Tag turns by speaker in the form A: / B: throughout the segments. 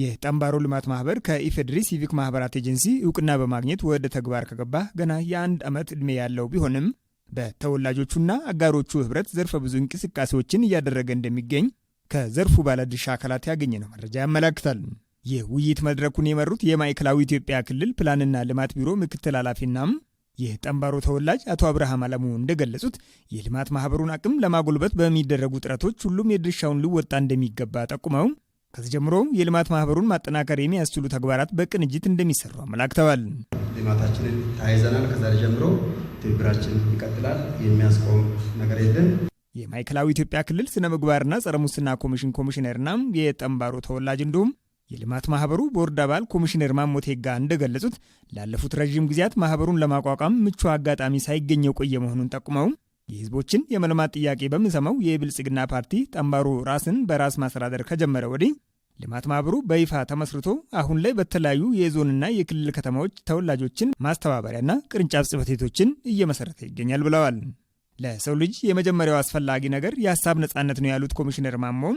A: የጠምባሮ ልማት ማህበር ከኢፌድሪ ሲቪክ ማህበራት ኤጀንሲ እውቅና በማግኘት ወደ ተግባር ከገባ ገና የአንድ ዓመት ዕድሜ ያለው ቢሆንም በተወላጆቹና አጋሮቹ ህብረት ዘርፈ ብዙ እንቅስቃሴዎችን እያደረገ እንደሚገኝ ከዘርፉ ባለድርሻ አካላት ያገኘነው መረጃ ያመላክታል። የውይይት መድረኩን የመሩት የማዕከላዊ ኢትዮጵያ ክልል ፕላንና ልማት ቢሮ ምክትል ኃላፊናም የጠምባሮ ተወላጅ አቶ አብርሃም አለሙ እንደገለጹት የልማት ማህበሩን አቅም ለማጎልበት በሚደረጉ ጥረቶች ሁሉም የድርሻውን ሊወጣ እንደሚገባ ጠቁመው ከዚህ ጀምሮ የልማት ማህበሩን ማጠናከር የሚያስችሉ ተግባራት በቅንጅት እንደሚሰሩ አመላክተዋል።
B: ልማታችንን ተያይዘናል። ከዛሬ ጀምሮ ትብብራችን ይቀጥላል። የሚያስቆም ነገር የለም።
A: የማዕከላዊ ኢትዮጵያ ክልል ስነ ምግባርና ጸረ ሙስና ኮሚሽን ኮሚሽነርና የጠንባሮ ተወላጅ እንዲሁም የልማት ማህበሩ ቦርድ አባል ኮሚሽነር ማሞቴጋ እንደገለጹት ላለፉት ረዥም ጊዜያት ማህበሩን ለማቋቋም ምቹ አጋጣሚ ሳይገኘው ቆየ መሆኑን ጠቁመው የህዝቦችን የመልማት ጥያቄ በምሰማው የብልጽግና ፓርቲ ጠንባሩ ራስን በራስ ማስተዳደር ከጀመረ ወዲህ ልማት ማህበሩ በይፋ ተመስርቶ አሁን ላይ በተለያዩ የዞንና የክልል ከተማዎች ተወላጆችን ማስተባበሪያና ቅርንጫፍ ጽሕፈት ቤቶችን እየመሰረተ ይገኛል ብለዋል። ለሰው ልጅ የመጀመሪያው አስፈላጊ ነገር የሀሳብ ነጻነት ነው ያሉት ኮሚሽነር ማሞም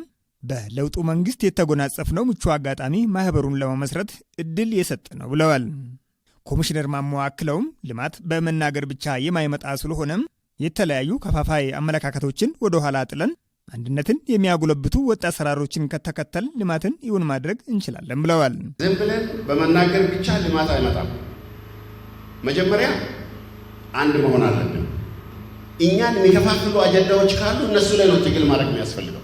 A: በለውጡ መንግስት የተጎናጸፍነው ምቹ አጋጣሚ ማህበሩን ለመመስረት እድል የሰጠ ነው ብለዋል። ኮሚሽነር ማሞ አክለውም ልማት በመናገር ብቻ የማይመጣ ስለሆነም የተለያዩ ከፋፋይ አመለካከቶችን ወደ ኋላ ጥለን አንድነትን የሚያጎለብቱ ወጥ አሰራሮችን ከተከተል ልማትን ይሁን ማድረግ እንችላለን ብለዋል።
B: ዝም ብለን በመናገር ብቻ ልማት አይመጣም። መጀመሪያ አንድ መሆን አለብን። እኛን የሚከፋፍሉ አጀንዳዎች ካሉ እነሱ ላይ ነው ትግል ማድረግ የሚያስፈልገው።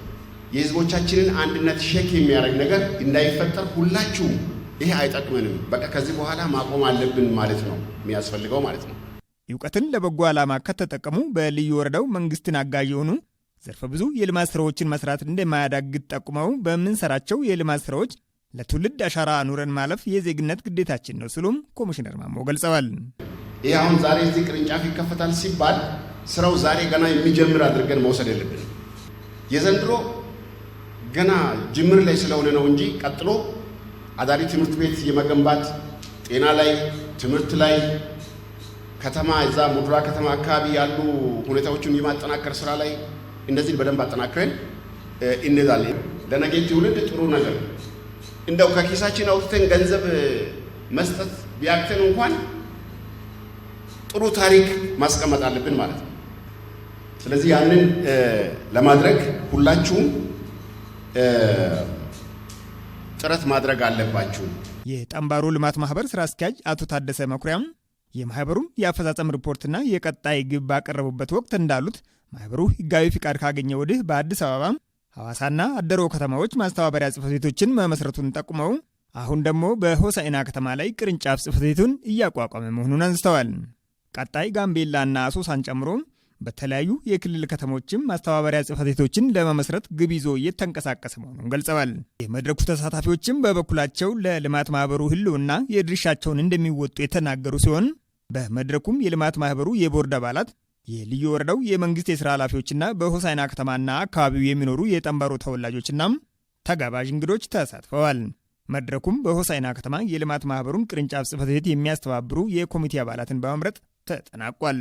B: የህዝቦቻችንን አንድነት ሼክ የሚያደርግ ነገር እንዳይፈጠር ሁላችሁም ይሄ አይጠቅመንም፣ በቃ ከዚህ በኋላ ማቆም አለብን ማለት ነው የሚያስፈልገው ማለት ነው።
A: እውቀትን ለበጎ ዓላማ ከተጠቀሙ በልዩ ወረዳው መንግስትን አጋዥ የሆኑ ዘርፈ ብዙ የልማት ስራዎችን መስራት እንደማያዳግት ጠቁመው በምንሰራቸው የልማት ስራዎች ለትውልድ አሻራ ኑረን ማለፍ የዜግነት ግዴታችን ነው ሲሉም ኮሚሽነር ማሞ ገልጸዋል።
B: ይህ አሁን ዛሬ እዚህ ቅርንጫፍ ይከፈታል ሲባል ስራው ዛሬ ገና የሚጀምር አድርገን መውሰድ የለብን። የዘንድሮ ገና ጅምር ላይ ስለሆነ ነው እንጂ ቀጥሎ አዳሪ ትምህርት ቤት የመገንባት ጤና ላይ፣ ትምህርት ላይ ከተማ እዛ ሙድራ ከተማ አካባቢ ያሉ ሁኔታዎችን የማጠናከር ስራ ላይ እነዚህን በደንብ አጠናክረን እንዛለን ለነገ ትውልድ ጥሩ ነገር እንደው ከኪሳችን አውጥተን ገንዘብ መስጠት ቢያክተን እንኳን ጥሩ ታሪክ ማስቀመጥ አለብን ማለት ነው። ስለዚህ ያንን ለማድረግ ሁላችሁም ጥረት ማድረግ አለባችሁ።
A: የጠምባሮ ልማት ማህበር ስራ አስኪያጅ አቶ ታደሰ መኩሪያም የማህበሩን የአፈጻጸም ሪፖርትና የቀጣይ ግብ ባቀረቡበት ወቅት እንዳሉት ማህበሩ ህጋዊ ፍቃድ ካገኘ ወዲህ በአዲስ አበባ ሐዋሳና አደሮ ከተማዎች ማስተባበሪያ ጽፈት ቤቶችን መመስረቱን ጠቁመው አሁን ደግሞ በሆሳዕና ከተማ ላይ ቅርንጫፍ ጽፈት ቤቱን እያቋቋመ መሆኑን አንስተዋል። ቀጣይ ጋምቤላና አሶሳን ጨምሮ በተለያዩ የክልል ከተሞችም ማስተባበሪያ ጽፈት ቤቶችን ለመመስረት ግብ ይዞ እየተንቀሳቀሰ መሆኑን ገልጸዋል። የመድረኩ ተሳታፊዎችም በበኩላቸው ለልማት ማህበሩ ህልውና የድርሻቸውን እንደሚወጡ የተናገሩ ሲሆን በመድረኩም የልማት ማህበሩ የቦርድ አባላት የልዩ ወረዳው የመንግስት የስራ ኃላፊዎችና በሆሳይና ከተማና አካባቢው የሚኖሩ የጠንባሮ ተወላጆችና ተጋባዥ እንግዶች ተሳትፈዋል። መድረኩም በሆሳይና ከተማ የልማት ማህበሩን ቅርንጫፍ ጽህፈት ቤት የሚያስተባብሩ የኮሚቴ አባላትን በመምረጥ ተጠናቋል።